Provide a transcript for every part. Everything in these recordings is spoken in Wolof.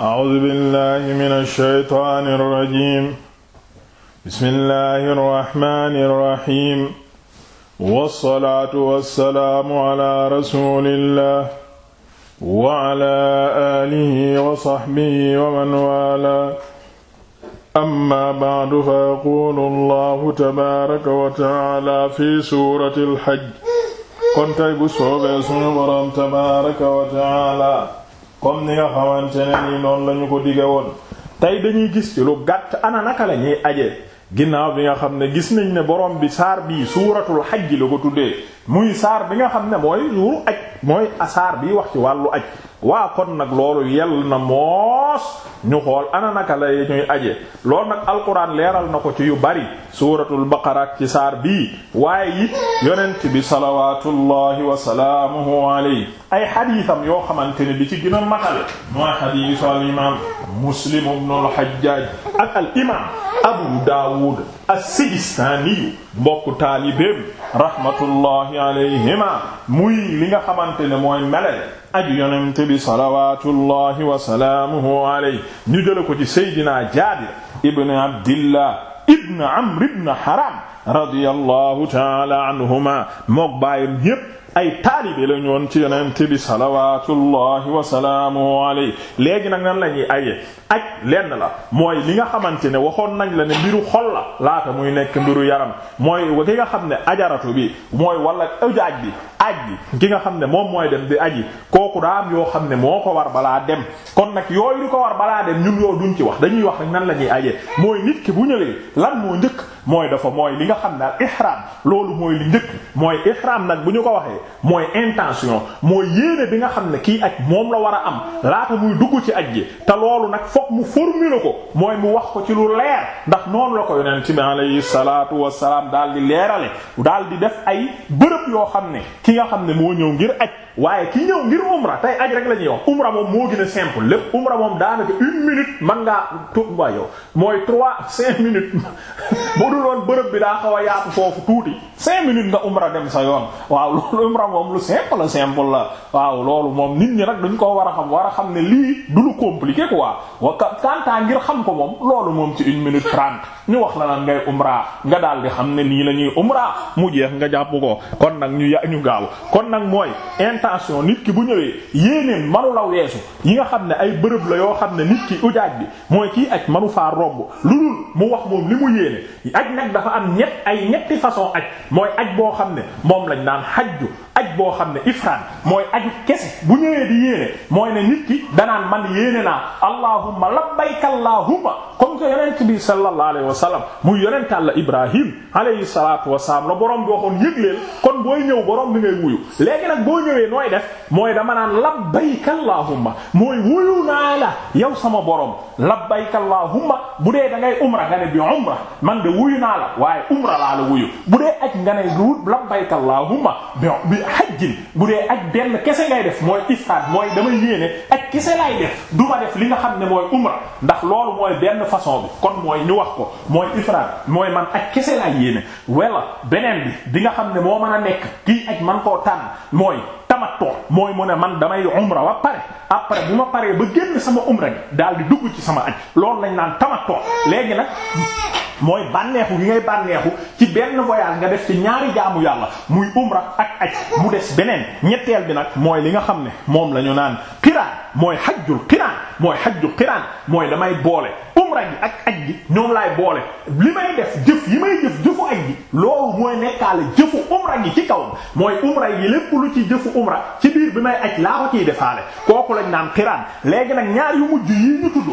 أعوذ بالله من الشيطان الرجيم بسم الله الرحمن الرحيم والصلاة والسلام على رسول الله وعلى آله وصحبه ومن والاه أما بعد فيقول الله تبارك وتعالى في سورة الحج kon tey bu soobee sunu Boroom tabaaraka wa ta'aala comme ni nga xamante ne nii noonu la ko diggee woon tey dañuy gis ci lu gàtt ana naka lañuy aje ginnaaw bi nga xam ne gis nañ ne borom bi saar bii suuratul xaj la ko tuddee muy saar bi nga xam ne mooy suuru aj mooy asaar bi wax ci wàllu aj waa kon nag loolu yell na moos ñu xool ana naka la ñuy aje loolu nag leeral na ko ci yu bari suratul baqara ci saar bi waaye it bi salawatullahi wa salaamuhu alayhi ay xadiisam yoo xamante ne bi ci gën a matale mooy xadiisu al imam muslim ibn al hajjaj ak al imam abu daawud as-sijistani mbokku taalibeem rahmatullahi alayhima muy li nga xamante ne mooy melel aju yonente bi salawatullahi wa salaamuhu alayhi ko ci seydina jaabir ibn abdillah ibn amr ibn haram radiyallahu taala anhuma mook baayam yépp ay taalibe la ñoon ci yonent bi salawaatullahi wa salaamuhu alayhi léegi nag nan la ñuy ayee aj lenn la mooy li nga xamante ne waxoon nañ la ne mbiru xol la laata muy nekk mbiru yaram mooy ki nga xam ne ajaratu bi mooy wala ujaaj bi aj bi ki nga xam ne moom mooy dem aj yi kooku daa am yoo xam ne moo ko war balaa dem kon nag yooyu di ko war balaa dem ñun yoo duñ ci wax dañuy wax rek nan la ñuy ajee mooy nit ki bu ñëwee lan moo njëkk mooy dafa mooy li nga xam daal ihram loolu mooy li njëkk mooy ihram nag bu ñu ko waxee mooy intention mooy yéene bi nga xam ne kii ak moom la war a am laata muy dugg ci aj ji te loolu nag fokk mu formuler ko mooy mu wax ko ci lu leer nag noonu la ko yonent bi alayhi salaatu wasalaam daal di leerale dal di def ay bërëb yoo xam ne ki nga xam ne moo ñëw ngir aj waaye ki ñëw ngir umra tey aj rek la ñuy wax umra moom moo gën a simple lépp umra moom daanaka une minute man ngaa tu waa yow mooy trois cinq minutes bu dul woon bërëb bi daa xaw a yaatu foofu tuuti cinq minutes nga umra dem sa yoon waaw loolu umra moom lu simple simple la waaw loolu moom nit ñi nag dañ ko war a xam war a xam ne lii du ko moom loolu quarante wax la lan ngay umra nga daal xam ne nii lañuy ñuy umra mu jeex nga jàpp ko kon nag ñu ya ñu gaaw kon nag mooy intention nit ki bu ñëwee yéeneen manu la weesu yi nga xam ne ay bërëb la yoo xam ne nit ki ujaaj bi mooy kii aj manu faa romb lu dul mu wax moom li mu yéene aj nag dafa am ñett ay ñetti façon aj mooy aj boo xam ne moom lañ naan xaj xajju aj boo xam ne ifraan mooy aju kese bu ñëwee di yéene mooy ne nit ki danaan man yéene naa allahumma labbayka allahumma comme que yonent bi sallallahu alayhi wa sallam muy yonent Allah Ibrahim alayhi salatu wasalaam la borom bi waxoon yëg leen kon booy ñëw borom bi ngay wuyu léegi nag boo ñëwee nooy def mooy dama naan labbayka allahumma mooy wuyu naa la yow sama borom labbayka allahumma bu dee da ngay umra nga ne bi umra man de wuyu naa la waaye umra laa la wuyu bu dee aj nga ne labbayka allahumma bi xajjin bu dee ak benn kese ngay def mooy ifraat mooy dama yéene ak kese lay def duma def li nga xam ne mooy umra ndax loolu mooy benn façon bi kon mooy ñu wax ko mooy ifraat mooy man ak kese lay yéene wala beneen bi bi nga xam ne moo mën a nekk kii ak man koo tànn mooy tamattu mooy mu ne man damay umra ba pare après bu ma paree ba génn sama umra gi daal di dugg ci sama aj loolu lañ naan tamattu léegi nag mooy bànneexu gi ngay bànneexu ci benn voyage nga def ci ñaari jaamu yàlla muy umra ak aj mu des beneen ñetteel bi nag mooy li nga xam ne moom la naan xiraan mooy xajjul xiraan mooy xajjul xiraan mooy damay boole umra gi ak aj gi ñoom laay boole li may def jëf yi may jëf jëfu aj gi loolu mooy nekkaale jëfu umra gi ci kaw mooy umra gi lépp lu ci jëfu umra ci biir bi may aj laa ko ciy defaale kooku lañ naan xiraan léegi nag ñaar yu mujj yi ñu tudd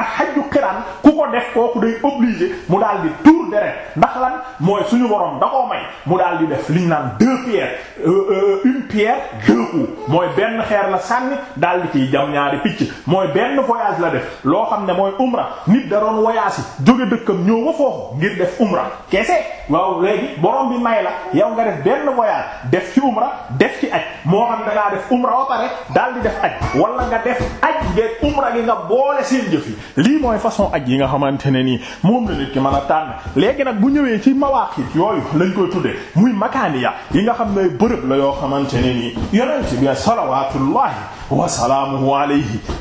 ak xajju xiraan ku ko def kooku day obligé mu daal di tuur deret ndax lan mooy suñu borom da koo may mu daal di def liñ naan deux pierres euh, euh, une pierre deux coups mooy benn xeer la sànn daal di ciy jam ñaari picc mooy benn voyage la def loo xam ne mooy umra nit da doon voyage yi jóge dëkkam ñëw ba foofu ngir def umra kese waaw léegi borom bi may la yow nga def benn voyage def ci umra def ci aj moo xam da ngaa def umra ba pare daal di def aj wala nga def aj ngeeg umra gi nga boole seen jëf yi lii mooy façon aj yi nga xamante ne nii moom la nit ki man a tànn léegi nag bu ñëwee ci mawaqit yooyu lañ koy tuddee muy makaaniya yi nga xam ne bërëb la yoo xamante ne nii yonent bi salawaatullahi wa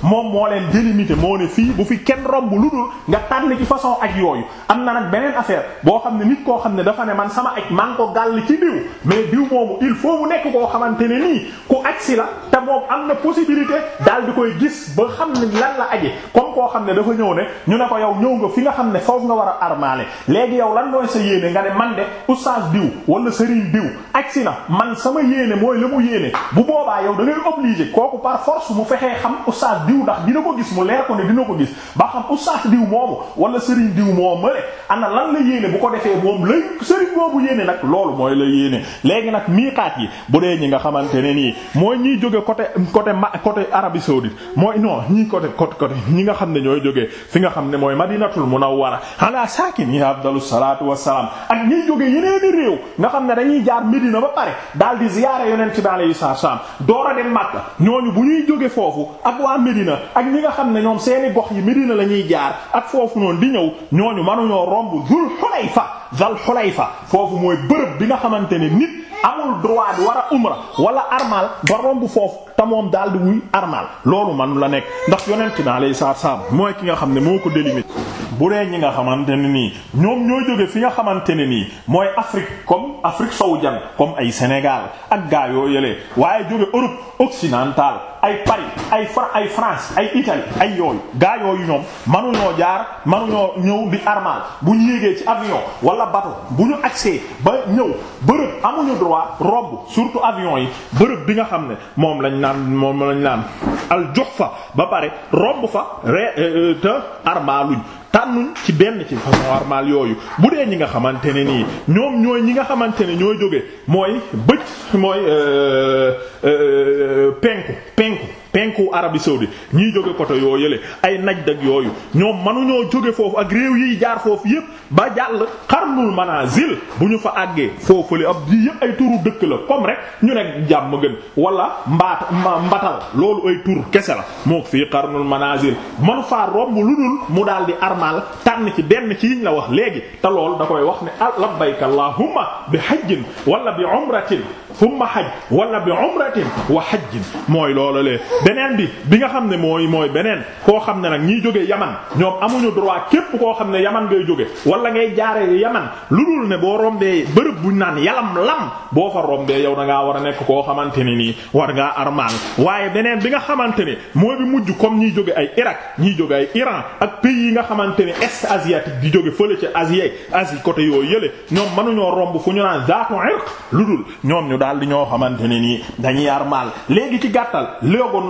moom moo leen délimité fii bu fi kenn romb lu dul nga tànn ci façon aj yooyu am na nag beneen affaire boo xam ne nit koo xam ne dafa ne man sama aj man ngi ko gàll ci diw mais diw moomu il faut mu nekk koo xamante ne nii ku aj la te moom am na possibilité daal di koy gis ba xam ne lan la aje boo xam ne dafa ñëw ne ñu ne ko yow ñëw nga fi nga xam ne foofu nga war a armaale léegi yow lan mooy sa yéene nga ne man de oustaz diw wala sëriñ diw agsi na man sama yéene mooy la mu yéene bu boobaa yow da ngay obligé kooku par force mu fexee xam oustaz diw ndax dina ko gis mu leer ne dina ko gis ba xam oustaz diw moomu wala sëriñ diw moo mële ana lan la yéene bu ko defee moom lay sëriñ boobu yéene nag loolu mooy la yéene léegi nag miiqaat yi bu dee ñi nga xamante ne nii mooy ñiy jóge côté côté côté Arabie saoudite mooy non ñi côté côté côté ñi nga xam xam ne ñooy jógee fi nga xam ne mooy madinatul munawwara ala saakini afdalu salaatu wassalaam ak ñiy nga xam ne dañuy jaar Medina ba pare daal di ziyaara yonent bi alayhi salaam door a dem Makka ñooñu bu ñuy jóge foofu ak waa Medina ak ñi nga xam ne ñoom seeni gox yi Medina la ñuy jaar ak foofu noonu di ñëw ñooñu mënuñoo romb Zul Hulayfa Zal Hulayfa foofu mooy bërëb bi nga xamante ne nit amul droit war a umra wala armal ba romb foofu te moom daal di wuy armal loolu man la nekk ndax naa lay alayhi salaam mooy ki nga xam ne moo ko délimité bu dee ñi nga xamante ne nii ñoom ñoo jóge fi nga xamante ne nii mooy Afrique comme Afrique sowu jant comme ay Sénégal ak gaa yoo yëlee waaye jóge Europe occidentale ay Paris ay Fra ay France ay Italie ay yooyu gaa yooyu ñoom manuñoo jaar manuñoo ñëw bi armal bu ñu yéegee ci avion wala bateau bu ñu accès ba ñëw bërëb amuñu droit romb surtout avion yi bërëb bi nga xam ne moom lañ naan moom lañ naan al jox fa ba pare romb fa re euh, euh, te armaluñ xarnun ci benn ci façon armal yooyu bu dee ñi nga xamante ne nii ñoom ñooy ñi nga xamante ne ñooy jóge mooy bëj mooy euh, euh, penku penku penku Arabie saoudite ñii jóge côté yoo yële ay Najd dag yooyu ñoom manuñoo jóge foofu ak réew yiy jaar foofu yépp ba jàll xarnul manazil bu ñu fa àggee foofule ab yii yépp ay turu dëkk la comme rek ñu ne jàmm gën wala mbaat mbatal loolu ay tur kese la moo fii xarnul manazil manu faa romb lu dul mu daal di armal tànn ci benn ci yiñ la wax léegi te lool da koy wax ne ah, labbayka allahumma bi hajjin wala bi umratin thumma hajj wala bi umratin wa hajjin mooy loolu le beneen bi bi nga xam ne mooy mooy beneen koo xam ne nag ñiy jógee yaman ñoom amuñu droit képp koo xam ne yaman ngay jóge walla ngay jaare yaman lu dul ne boo rombee bërëb buñ naan yalam lam boo fa rombee yow da ngaa war a nekk koo xamante ne nii war ngaa armaan waaye beneen bi nga xamante ne mooy bi mujj comme ñiy jóge ay Irak ñiy jóge ay Iran ak pays yi nga xamante ne est asiatique di jóge fële ci Asie Asie côté yooyu yële ñoom mënuñoo romb fu ñu naan zaatu lu dul ñoom ñu daal di ñoo xamante ne nii dañuy armaal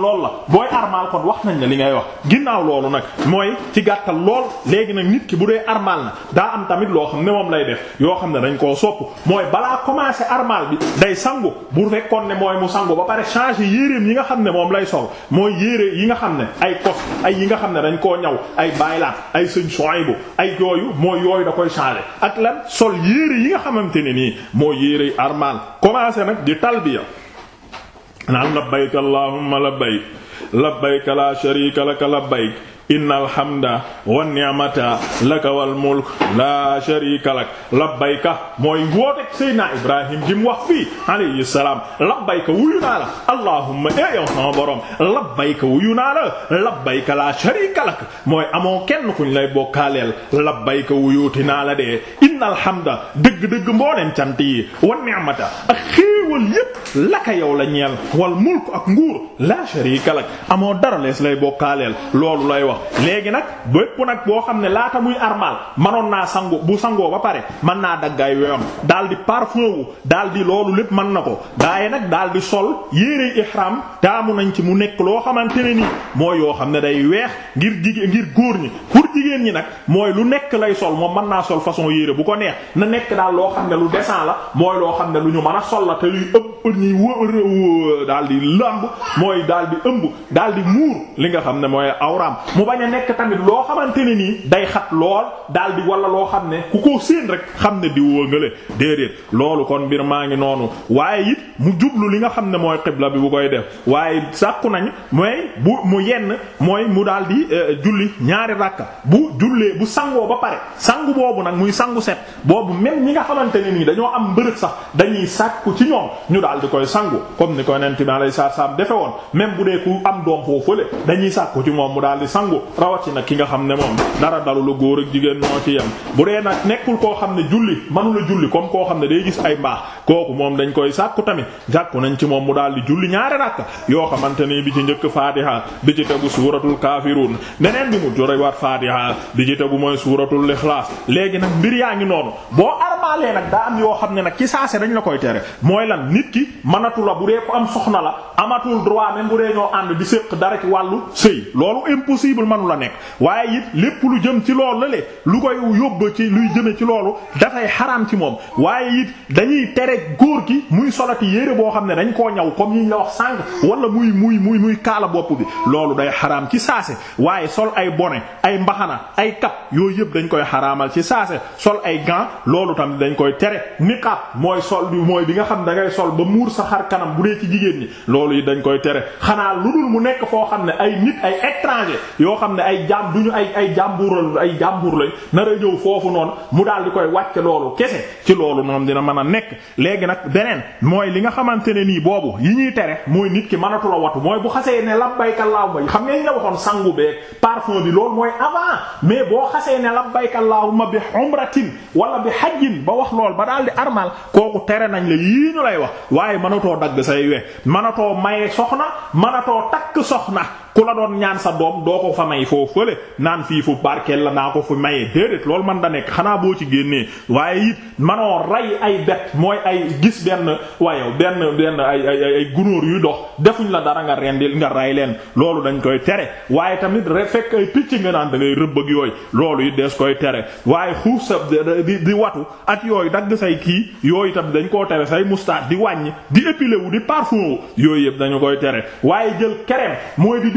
kon loolu la booy armal kon wax nañ ne li ngay wax ginnaaw loolu nag mooy ci gàttal lool léegi nag nit ki bu dee armal na daa am tamit loo xam ne moom lay def yoo xam ne dañ koo sopp mooy balaa commencé armal bi day sangu bu rekkoon ne mooy mu sangu ba pare changer yéreem yi nga xam ne moom lay sol mooy yére yi nga xam ne ay kos ay yi nga xam ne dañ koo ñaw ay baylaat ay sëñ Soyibu ay yooyu mooy yooyu da koy changer ak lan sol yére yi nga xamante ne nii mooy yére armal commencé nag di talbiya naan labbayk allahumma labbayk labbayka la sharika laka labbayk innal hamda wan ni'mata laka wal mulk laa sharika lak labbayka mooy wootek Seydina Ibrahim jim wax fii alayhi salaam labbayka wuyu naa la allahumma e yow sama borom labbayka wuyu naa la labbayka laa sharika lak mooy amoo kenn kuñ lay bokkaaleel labbayka wuyuuti naa la de innal hamda dëgg-dëgg mbooleen cant yi wan ni'mata ak xéewal laka yow la ñeel wal mulk ak nguur laa sharika lak amoo dara lees lay bokkaaleel loolu lay wax léegi nag bépp nag boo xam ne laata muy armal manoon naa sangu bu sangoo ba pare mën naa daggaay yoon daal di parfum daal di loolu lépp man na ko daaye nag daal di sol yére ihram taamu nañ ci mu nekk loo xamante ne nii mooy yoo xam ne day weex ngir jigéen ngir góor ñi pour jigéen ñi nag mooy lu nekk lay sol moom mën naa sol façon yére bu ko neex na nekk daal loo xam ne lu décent la mooy loo xam ne lu ñu mën a sol la te luy ëpp ñuy wër daal di lamb mooy daal di ëmb daal di muur li nga xam ne mooy awraam mu bañ a nekk tamit loo xamante ne nii day xat lool daal di wala loo xam ne ku ko séen rek xam ne di wóngale déedéet loolu kon mbir maa ngi noonu waaye it mu jublu li nga xam ne mooy xibla bi bu koy def waaye sàkku nañ mooy bu mu yenn mooy mu daal di euh, julli ñaari ràkka bu jullee bu sangoo ba pare sangu boobu nag muy sangu set boobu même ñi nga xamante ne nii dañoo am mbërëg sax dañuy sàkku ci ñoom ñu daal di koy sangu comme ni koy nent bi alayhi salaam defe woon même bu dee ku am doom foofu sangu rawatina ki nga xam ne moom dara dalu la góor ak jigéen moo ci yem bu dee nag nekkul koo xam ne julli mënula julli comme koo xam ne day gis ay mbaax kooku moom dañ koy sàkku tamit jàkku nañ ci moom mu daal di julli ñaari rakka yoo xamante ni bi ci njëkk faatiha bi ci tegu suuratul kaafiruun beneen bi mu jorewaat faatiha bi ci tegu mooy suuratul ixlaas léegi nag mbir yaa ngi noonu boo armaalee nag daa am yoo xam ne nag ci saase dañ la koy tere mooy lan nit ki manatu la bu dee ko am soxna la amatul droit même bu dee ñoo ànd di séq dara ci wàllu sëy impossible manu la nekk waaye it lépp lu jëm ci loolu la le lu koy yóbbu ci luy jëme ci loolu dafay xaraam ci moom waaye it dañuy tere góor gi muy solati yére boo xam ne dañ koo ñaw comme yiñ la wax sànq wala muy muy muy muy kaala bopp bi loolu day xaraam ci saase waaye sol ay bone ay mbaxana ay kap yooyu yëpp dañ koy xaramal ci saase sol ay gan loolu tamit dañ koy tere niqab mooy sol mooy bi nga xam dangay sol ba muur sa xar kanam bu dee ci jigéen ñi loolu yi dañ koy yoo xam ne ay jaam duñu ay ay jàmbural ay jàmbur lay nar a ñëw foofu noonu mu daal di koy wàcce loolu kese ci loolu noonu dina mën a nekk léegi nag beneen mooy li nga xamante ne nii boobu yi ñuy tere mooy nit ki mënatu watu mooy bu xasee ne labbayka allahumma xam nga ñu la waxoon sangu beeg parfum bi loolu mooy avant mais boo xasee ne labbayka ma bi umratin wala bi hajjin ba wax lool ba daal di armal kooku tere nañ la yii ñu lay wax waaye mënatoo dagg say we mënatoo maye soxna mënatoo takk soxna ku la doon ñaan sa doom doo ko fa may foofu fële naan fii fu barkeel la naa ko fu mayee déedéet loolu man da nekk xanaa boo ci génnee waaye it manoo rey ay bet mooy ay gis benn wayow benn benn ay gunóor yuy dox defuñ la dara nga rendil nga rey leen loolu dañ koy tere waaye tamit fekk ay picc nga naan da rëbb ak yooyu loolu yi dees koy tere waaye xuuf sa di di watu ak yooyu dagg say kii yooyu tamit dañ koo tere say moustache di wàññi di épilé di parfum yooyu yëpp dañu koy tere waaye jël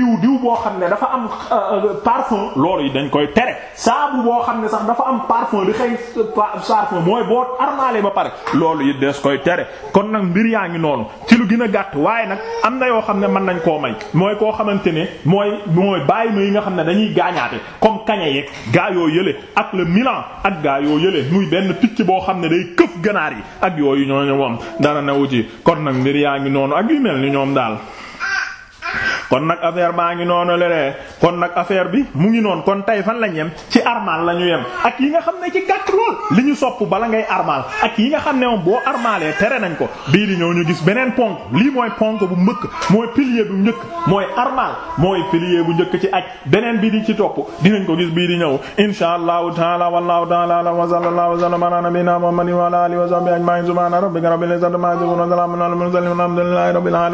diw diw boo xam ne dafa am euh, euh, parfum loolu yi dañ koy tere saabu boo xam ne sax dafa am parfum di xëy parfum mooy boo armaale ba pare loolu yi des koy tere kon nag mbir yaa ngi noonu ci lu gën a gàtt waaye nag am na yoo xam ne mën nañ koo may mooy koo xamante ne mooy mooy bàyyi ma yi nga xam ne dañuy gaañaate comme kaña yeeg gaa yoo yële ak le milan ak gaa yoo yële muy benn picc boo xam ne day këf ganaar yi ak yooyu ñooñu moom dara newu ci kon nag mbir yaa noonu ak yu ñoom daal kon nag affaire baa ngi noonu la kon nag affaire bi mu ngi noon kon tey fan lañ yem ci armal la ñu yem ak yi nga xam ne ci gàtt lool li ñu sopp bala ngay armal ak yi nga xam ne moom boo armalee tere nañ ko bii di ñëw ñu gis beneen ponk lii mooy ponk bu mbëkk mooy pilier bu njëkk mooy armal mooy pilier bu njëkk ci aj beneen bi di ci topp dinañ ko gis bii ñëw insha allahu taala wallahu taala wa sallallahu wa sallama ala nabina muhammadin wa ala alihi wa sahbihi ajma'in subhana